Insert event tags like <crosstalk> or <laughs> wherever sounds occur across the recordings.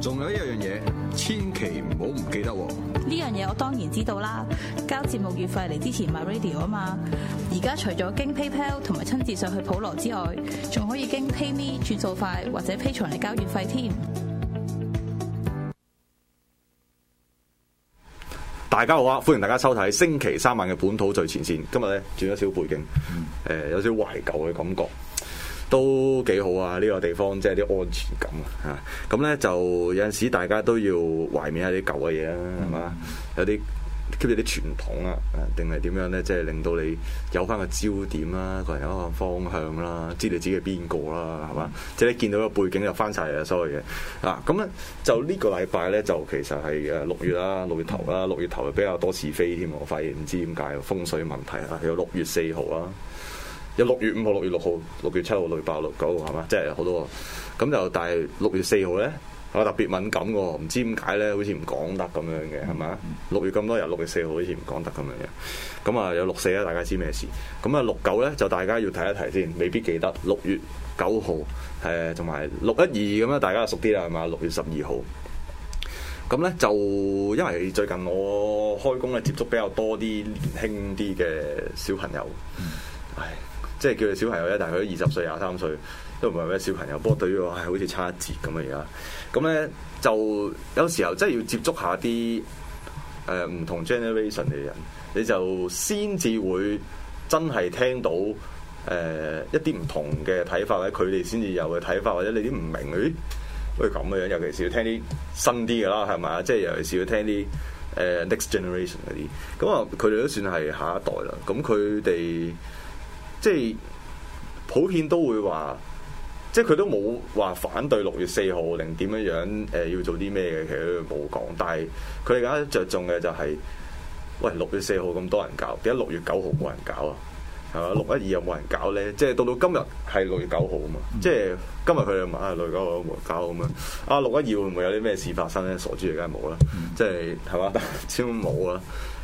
仲有一樣嘢，千祈唔好唔記得喎！呢樣嘢我當然知道啦，交節目月費嚟之前 m radio 啊嘛！而家除咗經 PayPal 同埋親自上去普羅之外，仲可以經 PayMe 轉數快或者 p a 批存嚟交月費添。大家好啊，歡迎大家收睇星期三晚嘅本土最前線。今日咧轉咗少背景，誒、嗯呃、有少懷舊嘅感覺。都幾好啊！呢、這個地方即係啲安全感、嗯、啊，嚇咁咧就有陣時大家都要懷緬下啲舊嘅嘢啦，係嘛、嗯？有啲 keep 住啲傳統啊，定係點樣咧？即係令到你有翻個焦點啦，個人有一個方向啦，知道自己係邊個啦，係嘛？嗯、即係你見到個背景就翻晒嚟啊，所有嘢啊！咁咧就呢個禮拜咧就其實係誒六月啦，六月頭啦，六月頭比較多是非添，我發現唔知點解風水問題啊，有六月四號啊。有六月五號、六月六號、六月七號、六月八號、六九號係嘛？即係好多咁就，但係六月四號咧，係咪特別敏感嘅？唔知點解咧，好似唔講得咁樣嘅係嘛？六月咁多日，六月四號好似唔講得咁樣嘅。咁啊，有六四咧，大家知咩事？咁啊，六九咧就大家要睇一睇先，未必記得。六月九號誒，同埋六一二咁樣，大家熟啲啦係嘛？六月十二號咁咧，就因為最近我開工咧接觸比較多啲年輕啲嘅小朋友，唉。即係叫佢小朋友咧，但係佢都二十歲、廿三歲都唔係咩小朋友。不過對於我係好似差一截咁啊！而家咁咧就有時候真係要接觸下啲誒唔同 generation 嘅人，你就先至會真係聽到誒、呃、一啲唔同嘅睇法或者佢哋先至有嘅睇法，或者你啲唔明誒？喂咁嘅樣，尤其是要聽啲新啲嘅啦，係咪啊？即係尤其是要聽啲誒、呃、next generation 嗰啲咁啊，佢哋都算係下一代啦。咁佢哋。即係普遍都會話，即係佢都冇話反對六月四號，定點樣樣誒、呃、要做啲咩嘅，其實佢冇講。但係佢而家着重嘅就係、係，喂六月四號咁多人搞，點解六月九號冇人搞啊？係嘛，六一二有冇人搞咧？即係到到今日係六月九號啊嘛，嗯、即係今日佢哋問啊，六月九號搞咁啊？啊六一二會唔會有啲咩事發生咧？傻豬梗係冇啦，即係係嘛，超冇啦。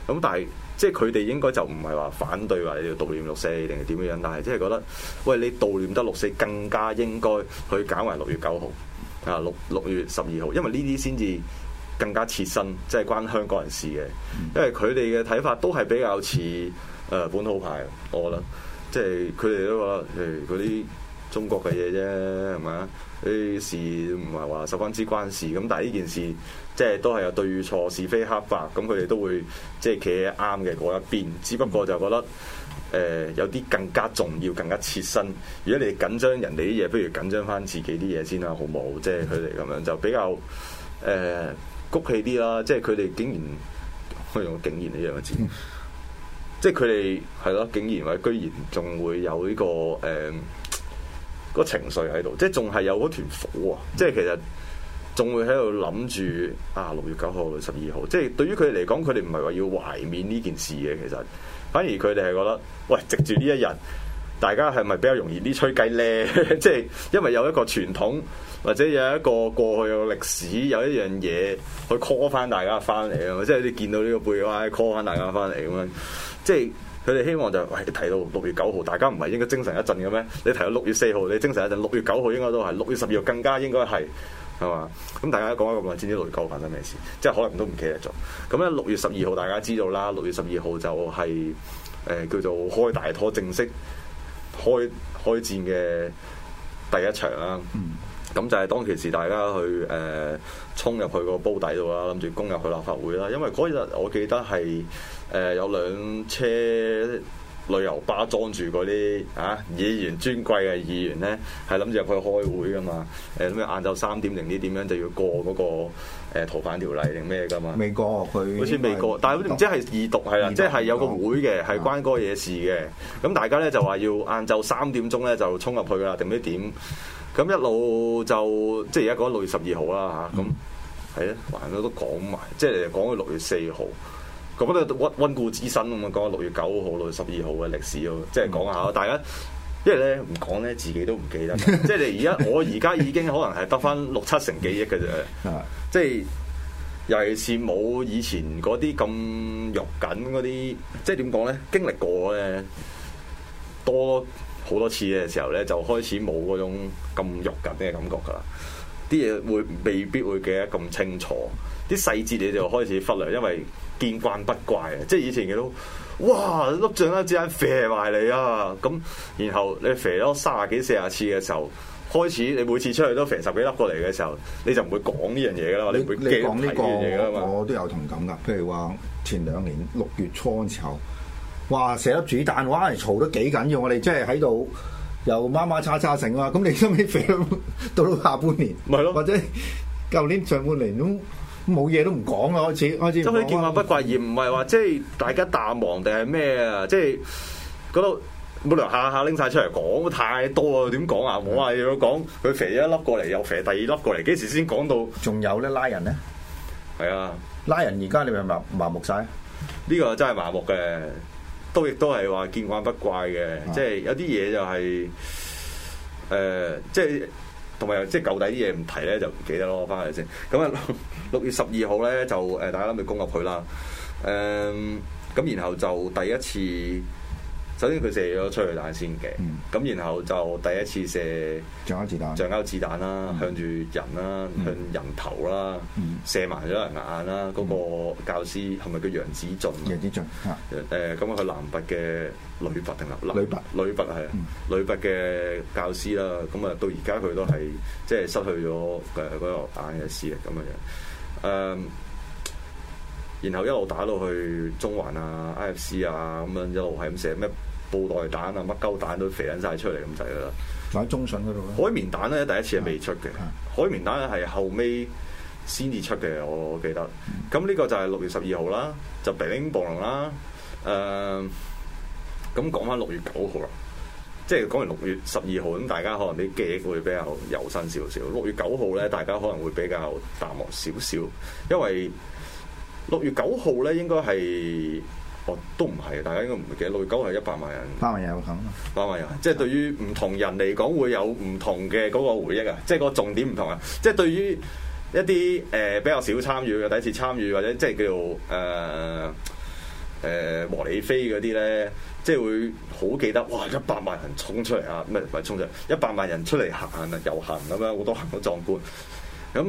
咁但係即係佢哋應該就唔係話反對話你要悼念六四定係點嘅樣，但係即係覺得喂，你悼念得六四更加應該去搞埋六月九號啊，六六月十二號，因為呢啲先至更加切身，即係關香港人事嘅，嗯、因為佢哋嘅睇法都係比較似。誒本土派，我覺得即係佢哋都話誒嗰啲中國嘅嘢啫，係嘛？啲事唔係話十分之關事咁，但係呢件事即係都係有對與錯、是非黑白，咁佢哋都會即係企喺啱嘅嗰一邊，只不過就覺得誒、呃、有啲更加重要、更加切身。如果你緊張人哋啲嘢，不如緊張翻自己啲嘢先啦，好冇？即係佢哋咁樣就比較誒谷、呃、氣啲啦。即係佢哋竟然，用竟然呢樣嘅字。即係佢哋係咯，竟然或者居然仲會有呢、這個誒、呃那個、情緒喺度，即係仲係有嗰團火啊！即係其實仲會喺度諗住啊，六月九號、十二號，即係對於佢哋嚟講，佢哋唔係話要懷緬呢件事嘅，其實反而佢哋係覺得喂，藉住呢一日，大家係咪比較容易啲吹雞咧？ <laughs> 即係因為有一個傳統，或者有一個過去嘅歷史，有一樣嘢去 call 翻大家翻嚟啊！即係你見到呢個背後 call 翻大家翻嚟咁樣。即係佢哋希望就係、喂，提到六月九號，大家唔係應該精神一陣嘅咩？你提到六月四號，你精神一陣，六月九號應該都係，六月十二號更加應該係，係嘛？咁大家講咗咁耐，知唔知六月九號發生咩事？即係可能都唔記得咗。咁咧，六月十二號大家知道啦，六月十二號就係、是、誒、呃、叫做開大拖正式開開戰嘅第一場啦。咁、嗯、就係當其時大家去誒、呃、衝入去個煲底度啦，諗住攻入去立法會啦。因為嗰日我記得係。誒有兩車旅遊巴，裝住嗰啲嚇議員 <noise> 尊貴嘅議員咧，係諗住入去開會噶嘛？咁咩晏晝三點零啲點樣就要過嗰個逃犯條例定咩噶嘛？未國過，佢好似未過，但係唔知係二讀係啦，即係不有個會嘅，係 <noise> 關嗰嘢事嘅。咁大家咧就話要晏晝三點鐘咧就衝入去啦，定唔知點？咁一路就即係而家講到六月十二號啦嚇，咁係啊，還都講埋，即係講 <noise> 到六月四號。講到温温故知新咁啊，講六月九號、六月十二號嘅歷史咯，即係講下大家因為咧唔講咧，自己都唔記得。 <laughs> 即係你而家我而家已經可能係得翻六七成記憶嘅啫。 <laughs> 即係尤其是冇以前嗰啲咁肉緊嗰啲，即係點講咧？經歷過咧多好多次嘅時候咧，就開始冇嗰種咁肉緊嘅感覺噶啦。啲嘢會未必會記得咁清楚，啲細節你就開始忽略，因為。見慣不怪啊！即係以前佢都哇粒進一之間射埋你啊！咁然後你肥咗三十幾四十次嘅時候，開始你每次出去都肥十幾粒過嚟嘅時候，你就唔會講呢樣嘢噶啦，你唔會講呢樣嘢噶嘛。我都有同感噶。譬如話前兩年六月初嘅時候，哇射粒子彈，哇嘈得幾緊要！我哋真係喺度由馬馬叉叉成啊！咁、嗯、你收尾肥到到下半年咪咯， <laughs> 是了 <laughs> 或者舊年上半年都。冇嘢都唔講啊。開始開始。即係見慣不怪，而唔係話即係大家淡忘定係咩啊？即係嗰度冇理由下下拎晒出嚟講，太多啊！點講啊？我話要講佢肥咗一粒過嚟，又肥第二粒過嚟，幾時先講到？仲有咧，拉人咧？係啊，拉人而家你咪麻木晒。呢個真係麻木嘅，都亦都係話見慣不怪嘅、啊就是呃。即係有啲嘢就係誒，即係。咁啊，即係舊底啲嘢唔提咧，就唔記得咯，翻去先。咁啊，六月十二號咧，就誒，大家諗住攻入去啦。誒、嗯，咁然後就第一次。首先佢射咗催淚彈先嘅，咁然後就第一次射橡膠子彈，橡膠子彈啦，向住人啦，向人頭啦，射埋咗人眼啦。嗰個教師係咪叫楊子俊？楊子俊，誒，咁佢男拔嘅女拔定男？女拔？女拔係，女拔嘅教師啦。咁啊，到而家佢都係即係失去咗誒嗰個眼嘅視力。咁嘅樣。誒。然後一路打到去中環啊、I.F.C. 啊，咁樣一路係咁寫咩布袋彈啊、乜鳩彈都肥緊晒出嚟咁滯噶啦。喺中信嗰度海綿彈咧，第一次係未出嘅，海綿彈係後尾先至出嘅，我記得。咁呢個就係六月十二號啦，就鼻鈴暴龍啦。誒，咁講翻六月九號啦，即係講完六月十二號咁，大家可能啲記憶會比較猶新少少。六月九號咧，大家可能會比較淡漠少少，因為。六月九號咧，應該係，哦，都唔係，大家應該唔會記得。六月九號係一百萬人，八萬人咁，八萬人，即係、嗯、對於唔同人嚟講，會有唔同嘅嗰個回憶啊！即、就、係、是、個重點唔同啊！即係、嗯、對於一啲誒、呃、比較少參與嘅第一次參與，或者即係叫做誒莫里菲嗰啲咧，即、呃、係、呃就是、會好記得哇！一百萬人衝出嚟啊！唔係衝出嚟？一百萬人出嚟行啊遊行咁樣，好多行好壯觀咁。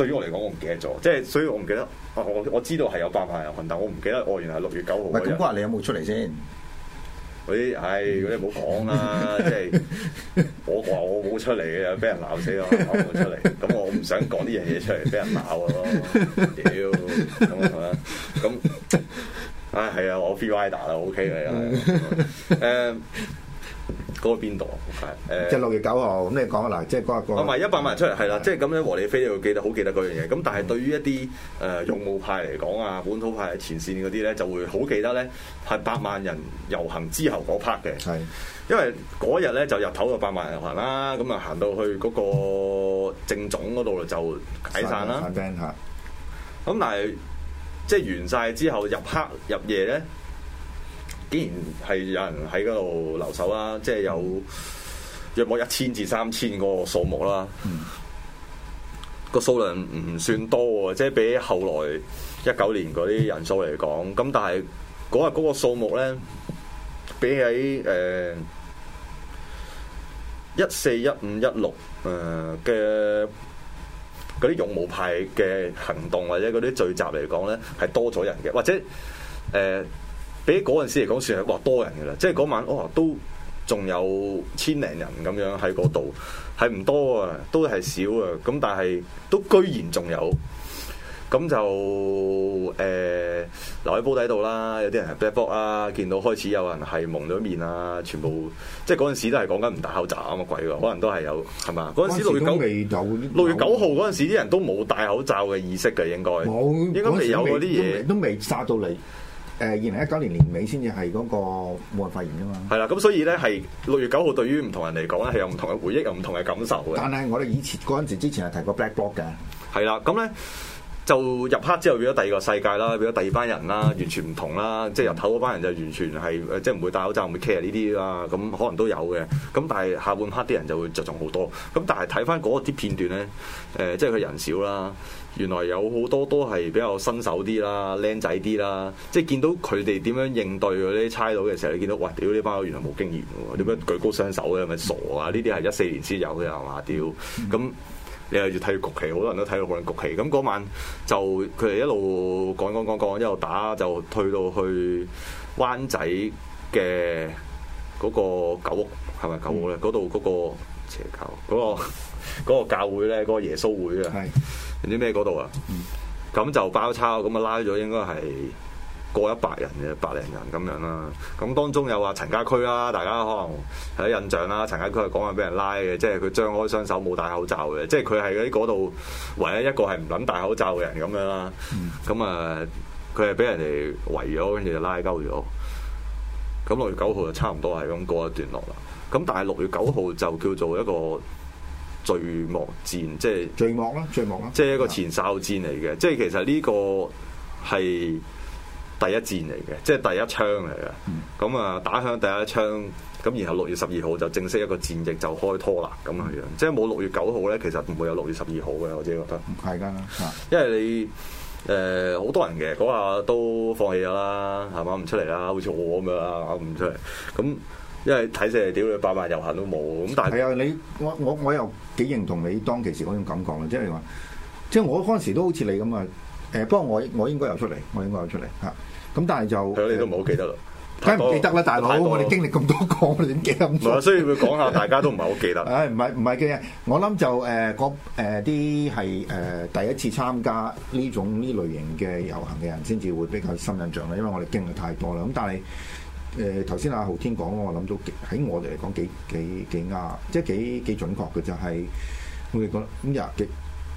對於我嚟講，我唔記得咗，即係所以我唔記得。我我知道係有八萬人群，但我唔記得。我原來係六月九號。唔係咁話，你有冇出嚟先？嗰啲唉，嗰啲唔好講啦。即係我話我冇出嚟嘅，俾人鬧死我，冇出嚟。咁我唔想講呢樣嘢出嚟，俾人鬧咯。屌， <laughs> <laughs> 咁係咪？咁，唉、哎，係啊，我 free rider 啦，OK 嚟噶。誒、啊。 <laughs> <laughs> 嗰邊度？係，誒，即係六月九號，咁你講啦，嗱，即係嗰個，同埋一百萬出嚟，係啦，即係咁樣，和理非又記得好記得嗰樣嘢。咁是的 但係對於一啲誒勇武派嚟講啊，本土派喺前線嗰啲咧，就會好記得咧，係百萬人遊行之後嗰 part 嘅，係，是的 因為嗰日咧就日頭個百萬人遊行啦，咁啊行到去嗰個政總嗰度就解散啦。咁但係即係完晒之後入黑入夜咧。竟然係有人喺嗰度留守啦，即係有約莫一千至三千嗰個數目啦。嗯、個數量唔算多喎，即係比起後來一九年嗰啲人數嚟講，咁但係嗰日嗰個數目咧，比起誒一四一五一六誒嘅嗰啲勇武派嘅行動或者嗰啲聚集嚟講咧，係多咗人嘅，或者誒。呃比嗰陣時嚟講算係話多人嘅啦，即係嗰晚哇、哦、都仲有千零人咁樣喺嗰度，係唔多啊，都係少啊，咁但係都居然仲有，咁就誒、呃、留喺煲底度啦，有啲人係 black bloc 啦，見到開始有人係蒙咗面啊，全部即係嗰陣時都係講緊唔戴口罩啊啊鬼噶，可能都係有係嘛？嗰陣時六月九有六月九號嗰陣時啲人都冇戴口罩嘅意識嘅，有應該冇，應該未有嗰啲嘢，都未殺到你。誒，二零一九年年尾先至係嗰個冇人發現噶嘛。係啦，咁所以咧係六月九號，對於唔同人嚟講咧，係有唔同嘅回憶，有唔同嘅感受嘅。但係我哋以前嗰陣時之前係提過 Black Bloc 嘅。係啦，咁咧。就入黑之後變咗第二個世界啦，變咗第二班人啦，完全唔同啦。即係人頭嗰班人就完全係即係唔會戴口罩、唔會 care 呢啲啦。咁可能都有嘅。咁但係下半黑啲人就會着重好多。咁但係睇翻嗰啲片段呢，呃、即係佢人少啦。原來有好多都係比較新手啲啦、靚仔啲啦。即係見到佢哋點樣應對嗰啲差佬嘅時候，你見到哇，屌！呢班人原來冇經驗喎，點解舉高雙手嘅？係咪傻啊？呢啲係一四年先有嘅係嘛？屌！咁。你係越睇越焗氣，好多人都睇到個人焗氣。咁嗰晚就佢哋一路講講講講，一路打就退到去灣仔嘅嗰個狗屋，係咪狗屋咧？嗰度嗰個邪教，嗰、嗰個嗰個嗰個教會咧，嗰、嗰個耶穌會啊。係是。唔知咩嗰度啊？嗯。咁就包抄，咁啊拉咗，應該係。過一百人嘅百零人咁樣啦，咁當中有啊陳家駒啦，大家可能有印象啦。陳家駒係講話俾人拉嘅，即係佢張開雙手冇戴口罩嘅，即係佢係喺嗰度唯一一個係唔撚戴口罩嘅人咁樣啦。咁啊、嗯，佢係俾人哋圍咗，跟住就拉鳩咗。咁六月九號就差唔多係咁過一段落啦。咁但係六月九號就叫做一個序幕戰，即係序幕啦，序幕啦，即係一個前哨戰嚟嘅。即係、啊、其實呢個係。第一戰嚟嘅，即係第一槍嚟嘅。咁啊，打響第一槍，咁然後六月十二號就正式一個戰役就開拖啦咁樣樣、就係，即係冇六月九號咧，其實唔會有六月十二號嘅。我自己覺得，係㗎、呃，因為你誒好多人嘅嗰下都放棄咗啦，係嘛唔出嚟啦，好似我咁樣啊，唔出嚟。咁因為睇成係屌你百萬遊行都冇，咁但係係啊，你我我我又幾認同你當其時嗰種感覺啦，即係話，即係我嗰陣時都好似你咁啊，誒、呃、不過我我應該又出嚟，我應該又出嚟嚇。咁但係就佢哋都唔好記得啦，梗係唔記得啦，大佬，我哋經歷咁多個，你點記得咁？唔係，所以佢講下，大家都唔係好記得。誒，唔係唔係嘅，我諗就誒，誒啲係誒第一次參加呢種呢類型嘅遊行嘅人，先至會比較深印象啦。因為我哋經歷太多啦。咁但係誒，頭先阿浩天講，我諗都喺我哋嚟講幾幾幾啱，即係幾幾準確嘅就係，我哋講咁日嘅，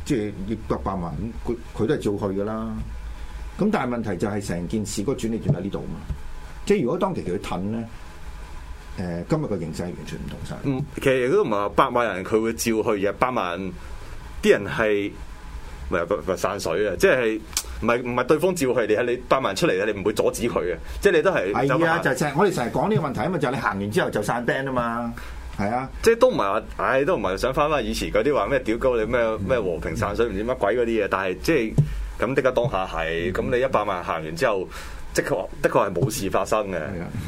即係一百萬，佢佢都係照去噶啦。咁但係問題就係成件事嗰個轉點轉喺呢度啊嘛，即係如果當其時去褪咧，誒、呃、今日嘅形勢係完全唔同晒。唔，其實都唔係百萬人，佢會照去嘅。百萬啲人係唔係散水啊？即係唔係唔係對方照去你啊？你百萬出嚟啊？你唔會阻止佢嘅，即係你都係係啊！哎、呀走就成我哋成日講呢個問題啊嘛，就係、是、你行完之後就散 b a 啊嘛，係啊。即係都唔係話，唉、哎，都唔係想翻翻以前嗰啲話咩屌高你咩咩和平散水唔知乜鬼嗰啲嘢，但係即係。咁的家當下係，咁你一百萬行完之後，即確的確係冇事發生嘅，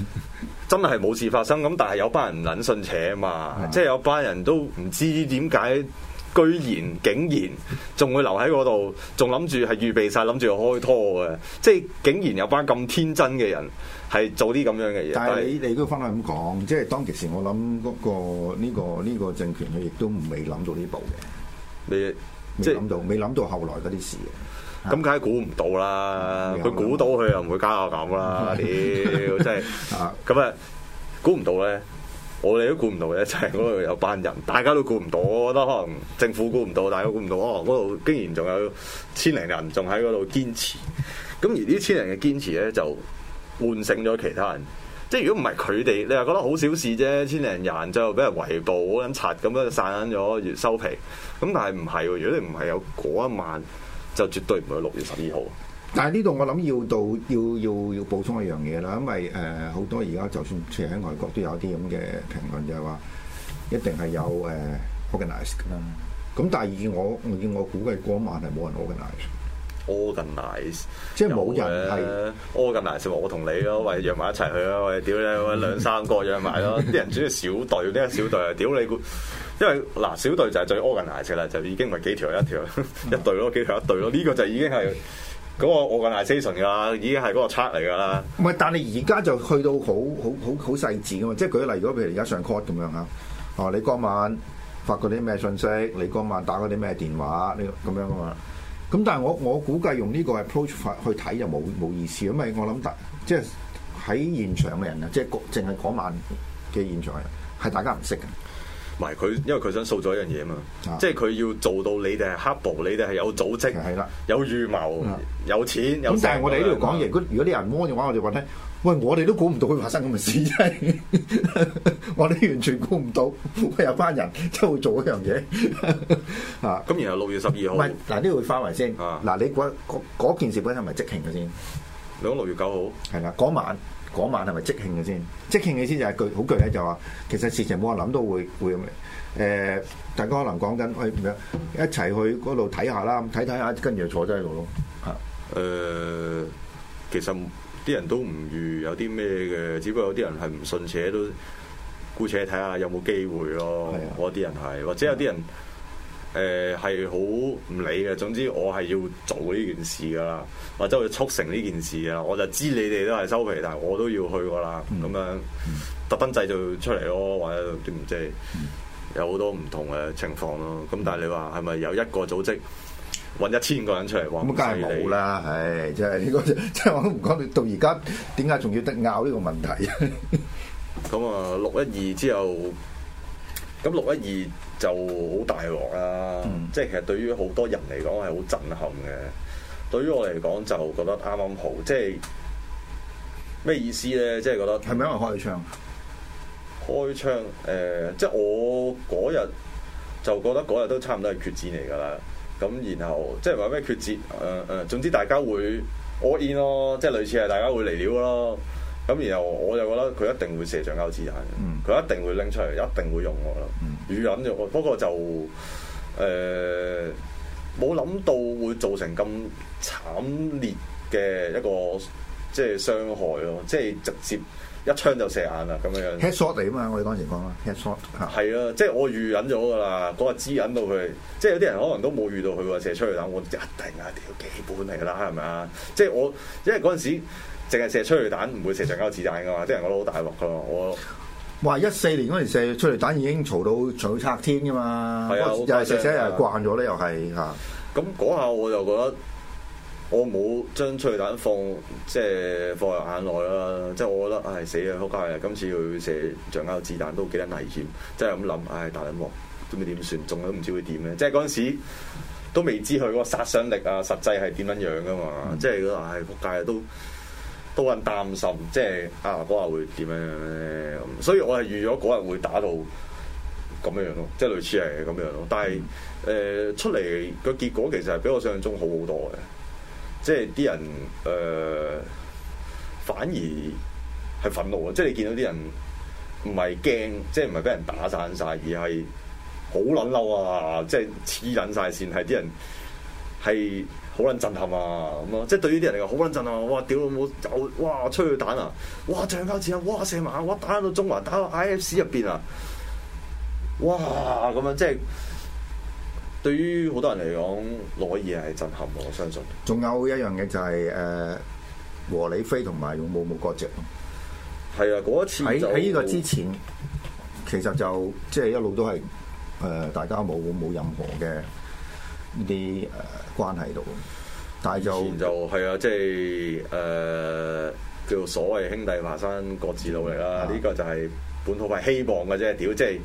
<laughs> 真係冇事發生。咁但係有班人唔諗信邪啊嘛， <laughs> 即係有班人都唔知點解，居然竟然仲會留喺嗰度，仲諗住係預備晒，諗住開拖嘅。即係竟然有班咁天真嘅人係做啲咁樣嘅嘢。但係你，但是你都翻返咁講，即係當其時我、嗰個，我諗嗰個呢、呢個呢、呢個政權佢亦都唔未諗到呢步嘅，你，即係諗到未諗到後來嗰啲事嘅。咁梗係估唔到啦！佢估、嗯、到佢又唔會加我咁啦！屌、嗯，真係咁啊！估唔 <laughs> 到咧，我哋都估唔到咧，就係嗰度有班人，大家都估唔到。我覺得可能政府估唔到，大家估唔到。可能嗰度竟然仲有千零人仲喺嗰度堅持。咁而呢千零人嘅堅持咧，就喚醒咗其他人。即係如果唔係佢哋，你又覺得好小事啫，千零人就俾人圍捕、跟拆咁樣散咗，越收皮。咁但係唔係？如果你唔係有嗰一晚。就絕對唔會六月十二號。但係呢度我諗要到要要要補充一樣嘢啦，因為誒好多而家就算住喺外國都有啲咁嘅評論，就係話一定係有誒 organized 嘅啦。咁但係以我以我估計，過晚係冇人 organized。organized 即係冇人係 organized 我同你咯，或者約埋一齊去咯，或者屌你兩三個約埋咯，啲人主要小隊，啲小隊屌你估。你因為嗱，小隊就係最 organize 啦，就已經唔係幾條一條一隊咯，幾條一隊咯，呢個就已經係嗰個 organization 噶啦，已經係嗰個測嚟噶啦。唔係，但係而家就去到好好好好細緻啊！即係舉例如，如果譬如而家上 court 咁樣啊。哦，你嗰晚發嗰啲咩訊息，你嗰晚打嗰啲咩電話呢？咁樣啊嘛。咁但係我我估計用呢個 approach 法去睇就冇冇意思，因為我諗大，即係喺現場嘅人啊，即係個淨係嗰晚嘅現場人係大家唔識嘅。唔係佢，因為佢想塑造一樣嘢啊嘛，即係佢要做到你哋係黑暴，你哋係有組織，的有預謀的，有錢。咁但係我哋呢度講嘢，如果啲人摸嘅話，我就問咧，喂，我哋都估唔到會發生咁嘅事，啫， <laughs> 我哋完全估唔到有班人真會做一樣嘢啊！咁然後六月十二號，係嗱呢度會返嚟先，嗱，你嗰件事本身係咪即興嘅先？你講六月九號係啦，嗰晚。嗰晚係咪即興嘅先？即興嘅先就係句好具咧，就話其實事情冇人諗到會會咁，誒、呃，大家可能講緊去一齊去嗰度睇下啦，睇睇下跟住就坐低喺度咯。嚇！誒，其實啲人都唔預有啲咩嘅，只不過有啲人係唔信且都姑且睇下有冇機會咯。我啲是、啊、人係，或者有啲人。是啊誒係好唔理嘅，總之我係要做呢件事㗎啦，或者去促成呢件事㗎，我就知你哋都係收皮，但係我都要去㗎啦，咁、嗯、樣、嗯、特登製造出嚟咯，或者點即係有好多唔同嘅情況咯。咁、嗯、但係你話係咪有一個組織揾一千個人出嚟講？咁梗係冇啦，唉，真係呢個真係、即係呢個即係、我都唔講你到而家點解仲要得拗呢個問題？咁 <laughs> 啊，六一二之後。咁六一二就好大鑊啦，嗯、即係其實對於好多人嚟講係好震撼嘅。對於我嚟講就覺得啱啱好，即係咩意思咧？即係覺得係咪因為開槍？開槍誒、呃，即係我嗰日就覺得嗰日都差唔多係決戰嚟㗎啦。咁然後即係話咩決戰？誒、呃、誒，總之大家會 all in 咯，即係類似係大家會嚟料咯。咁然後我就覺得佢一定會射橡膠子彈，佢、嗯、一定會拎出嚟，一定會用我咯。預引咗，不過就誒冇諗到會造成咁慘烈嘅一個即係傷害咯，即係直接一槍就射眼啦咁樣樣。Headshot 嚟啊嘛，我哋當時講啦 Headshot 嚇係啊，即係我預引咗㗎啦，嗰個指引到佢，即係有啲人可能都冇預到佢話射出去啦，我一定啊屌基本嚟啦，係咪啊？即係我因為嗰陣時。淨係射催淚彈，唔會射橡膠子彈噶嘛？即係我覺得好大鑊噶，我。哇、哦！一四年嗰陣射催淚彈已經嘈到嘈到拆天噶嘛。係啊，又係射車又係慣咗咧，又係吓。咁嗰下我就覺得，我冇將催淚彈放即係放入眼內啦。即係我覺得，唉、哎、死啦、哎哎！仆街啊！今次佢射橡膠子彈都幾危險，真係咁諗。唉，大緊鑊，都唔知點算，仲都唔知會點咧。即係嗰陣時都未知佢個殺傷力啊，實際係點樣樣噶嘛。即係唉，仆街啊都。都人擔心，即係亞馬瓜會點樣咧？咁，所以我係預咗嗰日會打到咁樣樣咯，即係類似係咁樣咯。但係誒、呃、出嚟個結果其實係比我想象中好好多嘅，即係啲人誒、呃、反而係憤怒啊！即係你見到啲人唔係驚，即係唔係俾人打散晒，而係好撚嬲啊！即係黐撚晒線，係啲人係。好撚震撼啊！咁咯，即係對於啲人嚟講，好撚震撼啊！哇！屌老母又哇！吹佢彈啊！哇！漲交錢啊！哇！射埋啊！哇！打到中環，打到 IFC 入邊啊！哇！咁樣即係對於好多人嚟講，攞嘢係震撼啊！我相信。仲有一樣嘢就係、是、誒、呃、和李飛同埋勇武冇割蓆。係啊！嗰次喺喺呢個之前，其實就即係、就是、一路都係誒、呃、大家冇冇任何嘅。呢啲誒關係度，但係就就係啊，即係誒、呃、叫做所謂兄弟爬山各自努力啦。呢、嗯、個就係本土派希望嘅啫，屌即係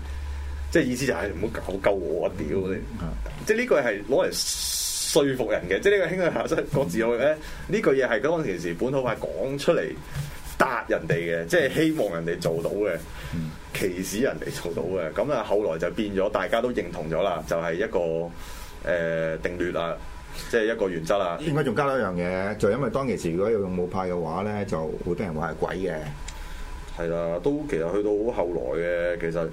即係意思就係唔好搞鳩我屌、嗯嗯，即係呢個係攞嚟説服人嘅，即係呢個兄弟爬山各自努力咧。呢、嗯、句嘢係當時本土派講出嚟答人哋嘅，即係希望人哋做到嘅，歧視、嗯、人哋做到嘅。咁啊，後來就變咗，大家都認同咗啦，就係、是、一個。誒、呃，定律啊，即係一個原則啊。點解仲加多一樣嘢，就是、因為當其時如果有用武派嘅話咧，就會俾人話係鬼嘅。係啦，都其實去到後來嘅，其實誒、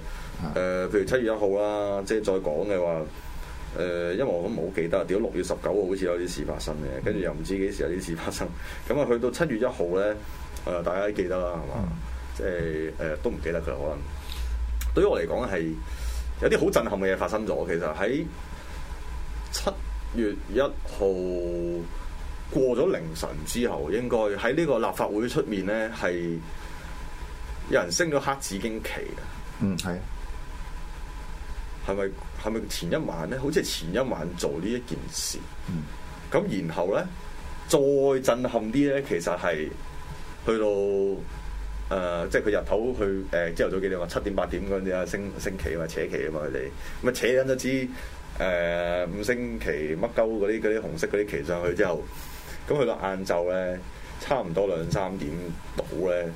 呃，譬如七月一號啦，即係再講嘅話，誒、呃，因為我都唔好記得，點六月十九號好似有啲事發生嘅，跟住又唔知幾時有啲事發生。咁啊，去到七月一號咧，誒、呃，大家都記得啦，係嘛？嗯、即係誒、呃，都唔記得噶可能對。對於我嚟講係有啲好震撼嘅嘢發生咗，其實喺。七月一號過咗凌晨之後，應該喺呢個立法會出面咧，係有人升咗黑紫荊旗。嗯，係、啊。係咪係咪前一晚咧？好似係前一晚做呢一件事。咁、嗯、然後咧，再震撼啲咧，其實係去到誒，即係佢日頭去誒，朝、呃、頭早幾點話七點八點嗰陣時啊，升升旗啊嘛，扯旗啊嘛，佢哋咁啊扯緊都知。誒、呃、五星旗乜鳩嗰啲嗰啲紅色嗰啲旗上去之後，咁去到晏晝咧，差唔多兩三點到咧，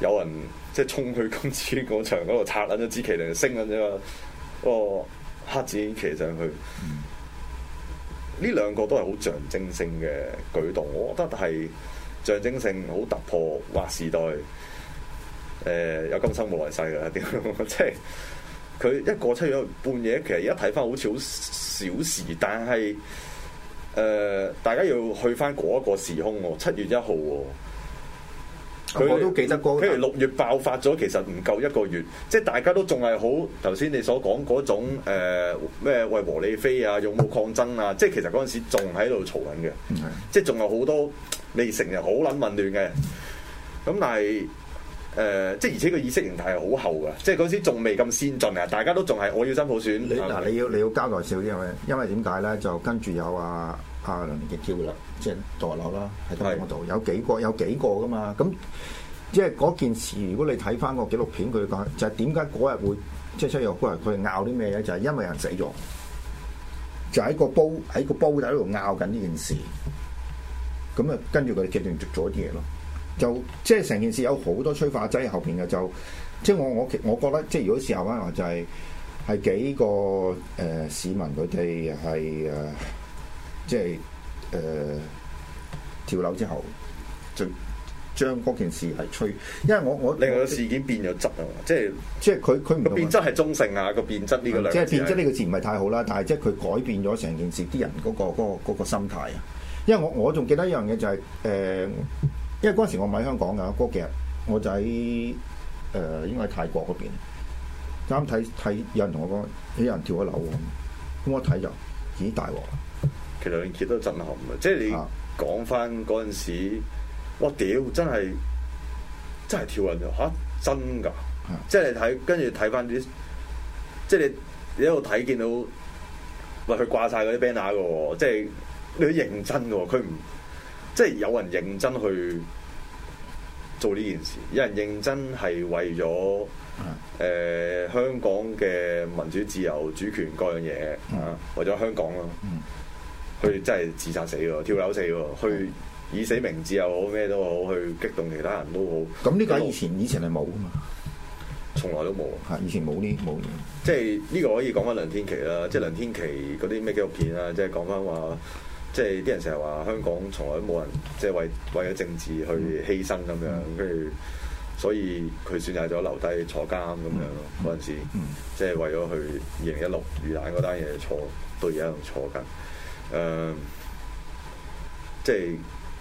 有人即係衝去金紫荊廣場嗰度拆緊咗支旗嚟升緊啫嘛，那個黑紫荊旗上去。呢兩、嗯、個都係好象徵性嘅舉動，我覺得係象徵性好突破，話時代誒、呃、有今生冇來世㗎喇，點，即係。佢一個七月半夜，其實而家睇翻好似好小時，但係誒、呃，大家要去翻嗰一個時空喎、哦，七月一號喎、哦。佢都記得嗰譬如六月爆發咗，其實唔夠一個月，即係大家都仲係好頭先你所講嗰種咩為、呃、和理非啊，勇武抗爭啊，即係其實嗰陣時仲喺度嘈緊嘅，是即係仲有好多未成日好撚混亂嘅。咁但係。誒，即係、呃、而且個意識形態係好厚嘅，即係嗰時仲未咁先進啊！大家都仲係我要真普選。嗱你，吧你要你要交代少啲咩？因為點解咧？就跟住有阿阿梁凌杰啦，即係墮樓啦，喺香港度有幾個是有幾個噶嘛？咁即係嗰件事，如果你睇翻個紀錄片，佢講就係點解嗰日會即係即係嗰日佢哋拗啲咩咧？就係、是就是、因為人死咗，就喺個煲喺個煲底度拗緊呢件事，咁啊跟住佢繼續做咗啲嘢咯。就即係成件事有好多催化劑喺後邊嘅，就即係我我我覺得即係如果時候咧就係、是、係幾個誒、呃、市民佢哋係誒即係誒、呃、跳樓之後就將嗰件事係吹。因為我我令個事件已經變咗質啊！即係即係佢佢唔變質係中性啊個、嗯、變質呢個兩即係變質呢個字唔係太好啦，但係即係佢改變咗成件事啲人嗰、那個嗰、那個嗰、那個心態啊！因為我我仲記得一樣嘢就係、是、誒。呃因為嗰時我唔喺香港噶嗰幾日，我就喺誒、呃，應該係泰國嗰邊。啱睇睇，有人同我講，有人跳咗樓。咁我睇就咦大鑊！其實你見到震撼啊，即係你講翻嗰陣時，我屌真係真係跳人啊！吓真噶，即係你睇跟住睇翻啲，即係你喺度睇見到，喂佢掛晒嗰啲 banner 嘅，即係你好認真嘅，佢唔。即係有人認真去做呢件事，有人認真係為咗誒、呃、香港嘅民主、自由、主權各樣嘢嚇，嗯、為咗香港咯，嗯、去真係自殺死喎，跳樓死喎，去以死明志又好咩都好，去激動其他人都好。咁呢個以前以前係冇噶嘛，從來都冇嚇，以前冇呢冇。即係呢個可以講翻梁天琪啦，即係梁天琦嗰啲咩紀錄片啊，即係講翻話。即係啲人成日話香港從來冇人即係為為咗政治去犧牲咁樣，跟住、嗯、所以佢選擇咗留低坐監咁樣咯。嗰陣、嗯嗯、時即係為咗去二零一六魚蛋嗰單嘢坐，到而家仲坐緊。誒、呃，即係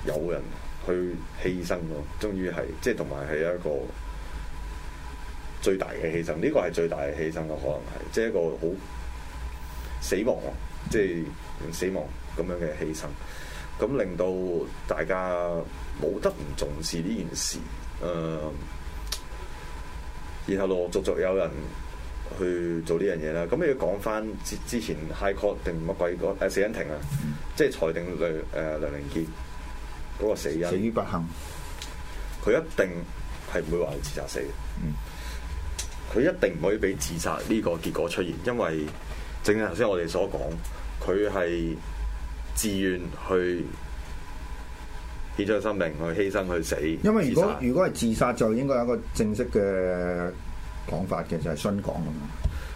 有人去犧牲咯，終於係即係同埋係一個最大嘅犧牲。呢個係最大嘅犧牲咯，可能係即係一個好死亡，即係死亡。咁樣嘅犧牲，咁令到大家冇得唔重視呢件事。誒、呃，然後陸陸續續有人去做呢樣嘢啦。咁你要講翻之前 High Court, 定乜鬼個死因庭啊，嗯、即係裁定梁誒、呃、梁玲杰嗰，那個死因死於不幸，佢一定係唔會話自殺死嘅。佢、嗯、一定唔可以俾自殺呢個結果出現，因為正正頭先我哋所講，佢係。自願去獻出生命，去犧牲，去死。因為如果如果係自殺，就應該有一個正式嘅講法嘅，就係、是、殉港。啊嘛，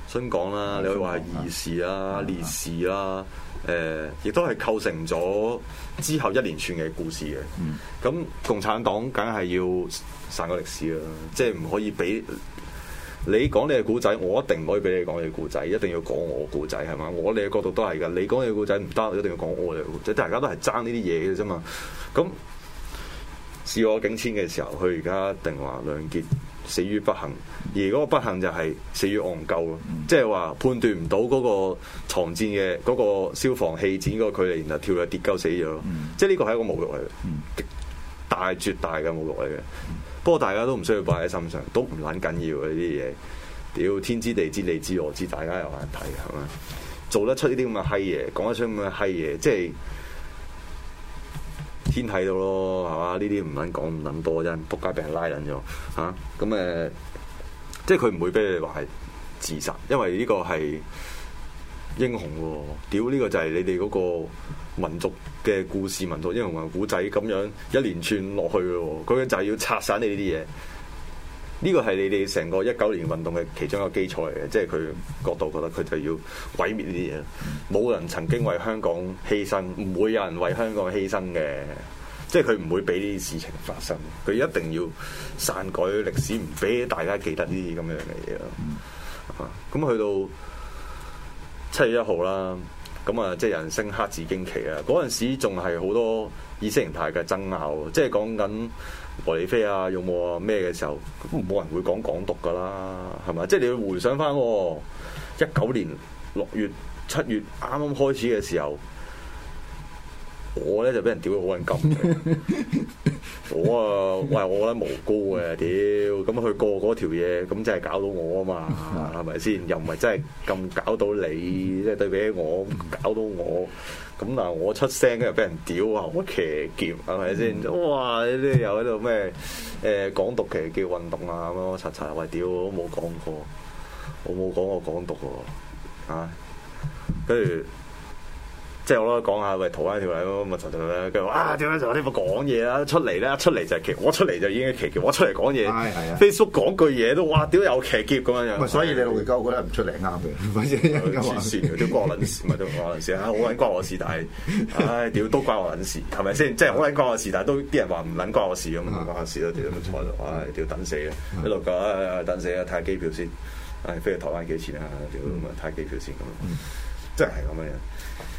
殉港啦。你話義士啊、烈士啊，誒士吧、呃，亦都係構成咗之後一連串嘅故事嘅。咁、嗯、共產黨梗係要散個歷史啦，即係唔可以俾。你講你嘅故仔，我一定唔可以俾你講你嘅故仔，一定要講我故仔，係嘛？我哋嘅角度都係噶，你講你嘅故仔唔得，一定要講我嘅故仔。大家都係爭呢啲嘢嘅啫嘛。咁事我境遷嘅時候，佢而家定話兩結死於不幸，而嗰個不幸就係死於戇鳩咯。即係話判斷唔到嗰個藏戰嘅嗰、嗰個消防氣墊嗰個距離，然後跳落跌鳩死咗。嗯、即係呢個係一個侮辱嚟嘅，嗯、大絕大嘅侮辱嚟嘅。不過大家都唔需要擺喺心上，都唔撚緊要呢啲嘢。屌，天知地知，你知我知，大家有眼睇，係嘛？做得出呢啲咁嘅閪嘢，講得出咁嘅閪嘢，即係天睇到咯，係嘛？呢啲唔撚講唔撚多真，仆街俾人拉撚咗嚇。咁、啊、誒、呃，即係佢唔會俾你話係自殺，因為呢個係。英雄喎、哦，屌呢、這個就係你哋嗰個民族嘅故事，民族英雄嘅古仔咁樣一連串落去咯，哦，咁樣就係要拆散你呢啲嘢。呢、這個係你哋成個一九年運動嘅其中一個基礎嚟嘅，即係佢角度覺得佢就要毀滅呢啲嘢。冇人曾經為香港犧牲，唔會有人為香港犧牲嘅，即係佢唔會俾呢啲事情發生，佢一定要刪改歷史，唔俾大家記得呢啲咁樣嘅嘢咯。咁、啊、去到。七月一號啦，咁啊即係人生黑字驚奇啊！嗰陣時仲係好多意識形態嘅爭拗，即係講緊和理非啊，勇武啊咩嘅時候，咁冇人會講港獨噶啦，係咪？即係你要回想翻一九年六月、七月啱啱開始嘅時候。我呢就俾人屌好狠咁，我啊，喂，我覺得無辜嘅，屌，咁佢過嗰條嘢，咁真係搞到我啊嘛，係咪先？又唔係真係咁搞到你，即係對比起我搞到我，咁嗱，我出聲跟住又俾人屌啊，我騎劫，係咪先？哇，呢啲又喺度咩？誒、呃，港獨騎劫運動啊，咁樣查，擦，喂，屌，我冇講過，我冇講過港獨啊。跟、啊、住。即係我咧講下喂台灣條例咁，咪就咁樣跟住話啊點解仲有啲冇講嘢啦？出嚟啦，出嚟就係騎。我出嚟就已經騎，騎。我出嚟講嘢。Facebook 講、哎、呀句嘢都哇，屌有騎劫咁樣。咪所以，所以你回家我覺得唔出嚟啱嘅。反正黐線嘅都關我卵事，咪都關我卵事啊！好撚關我事，但係唉，屌、哎、都關我卵事，係咪 <laughs> 即係好捻關我事，但係都啲人話唔捻關我事咁，關、啊、我 <laughs> 事都屌咁坐喺唉，屌等死嘅，一路講唉等死啊，睇機票先。唉，飛去台灣幾錢啊？屌睇下睇機票先咁。啊、看看嗯，真係咁嘅樣。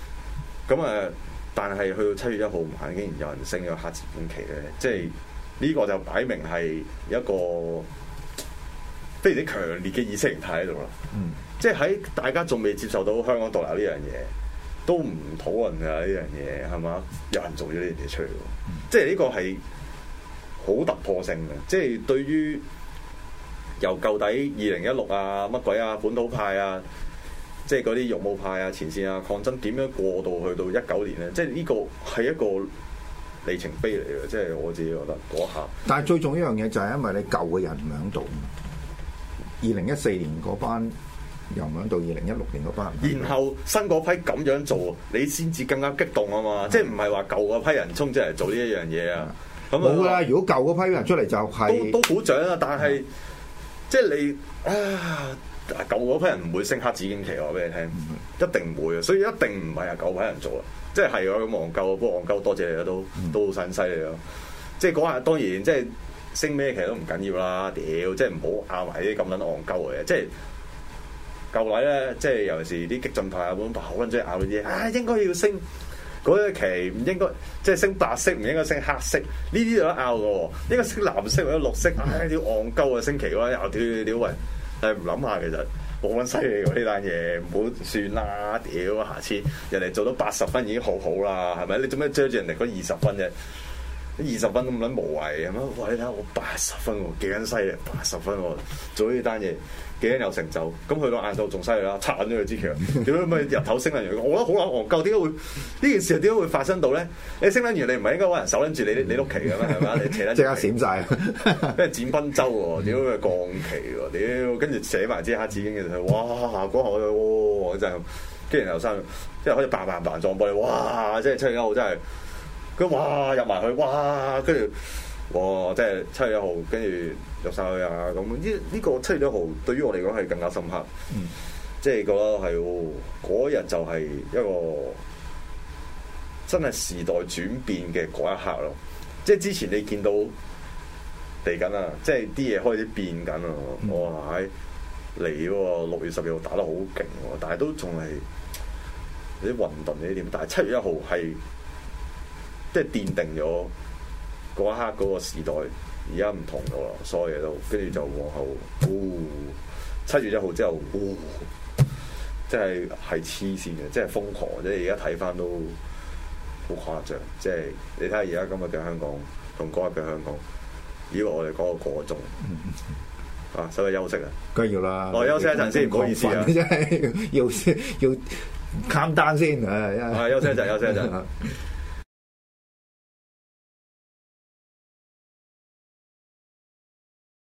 咁啊、嗯！但係去到七月一號晚，竟然有人升咗黑字半旗咧，即係呢個就擺明係一個非常之強烈嘅意識形態喺度啦。嗯、即係喺大家仲未接受到香港獨立呢樣嘢，都唔討論㗎呢樣嘢，係嘛？有人做咗呢樣嘢出嚟，嗯、即係呢個係好突破性嘅。即係對於由舊底二零一六啊，乜鬼啊，本土派啊。即係嗰啲勇武派啊、前線啊、抗爭點樣過渡去到一九年咧？即係呢個係一個里程碑嚟嘅，即係我自己覺得嗰下。但係最重要一樣嘢就係因為你舊嘅人唔響度，二零一四年嗰班又唔響度，二零一六年嗰班。然後新嗰批咁樣做，你先至更加激動啊嘛！是 即係唔係話舊嗰批人衝出嚟做呢一樣嘢啊？冇啦的！如果舊嗰批人出嚟就係、是、都鼓掌啊！但係的即係你啊～舊嗰批人唔會升黑紫荊旗，我話俾你聽，一定會，所以一定唔係啊！舊批人做啊，即係我咁戇鳩，不過戇鳩多謝你都都好新犀利咯。即係嗰下當然，即係升咩其實都唔緊要啦。屌，即係唔好拗埋啲咁撚戇鳩嘅即係舊禮咧，即係尤其是啲激進派啊，本哇好撚中意拗呢啲嘢。啊，應該要升嗰一、那個、旗唔應該，即係升白色唔應該升黑色呢啲都拗嘅喎。應該升藍色或者綠色，啲戇鳩啊升旗喎，又屌屌誒，唔諗下其實我揾犀利喎，呢單嘢，唔好算啦，屌，下次人哋做到八十分已經好好啦，係咪？你做咩追住人哋嗰二十分啫？二十分咁撚無謂，係咪？喂，你睇下我八十分喎，幾撚犀利？八十分喎，做呢單嘢。幾樣有成就，咁去到晏晝仲犀利啦，插緊咗佢支旗，點解唔係日頭升撚完？我覺得好撚戇鳩，點解會呢件事又點解會發生到咧？你升撚完，你唔係應該揾人手拎住你，你碌旗嘅咩？係咪？你斜得即刻閃曬，咩剪賓周喎？屌佢降旗喎？屌，跟住寫埋支黑紫荊嘅時候，哇！嗰下我真係，跟住後生即係開始扮扮扮 g b a n 撞波你，哇！即係七月一號真係，咁哇入埋去，哇，跟住。哇、哦！即係七月一號，跟住入晒去啊！咁呢呢個七月一號對於我嚟講係更加深刻，即係覺得係嗰日就係一個真係時代轉變嘅嗰一刻咯。即係之前你見到嚟緊啊，即係啲嘢開始變緊啊！我話喺嚟喎，六、哎、月十二號打得好勁，但係都仲係有啲混沌呢點，但係七月一號係即係奠定咗。嗰一刻嗰個時代，而家唔同咗啦，所有嘢都跟住就往後，七月一號之後，即係係黐線嘅，即係瘋狂，即係而家睇翻都好誇張。即係你睇下而家今日嘅香港同嗰日嘅香港，以個我哋講個個鐘啊，稍微休息啊，梗係要啦，我休息一陣先，唔好意思啊，真係要要 cut down 先，係啊，休息一陣，休息一陣。 <laughs> <laughs>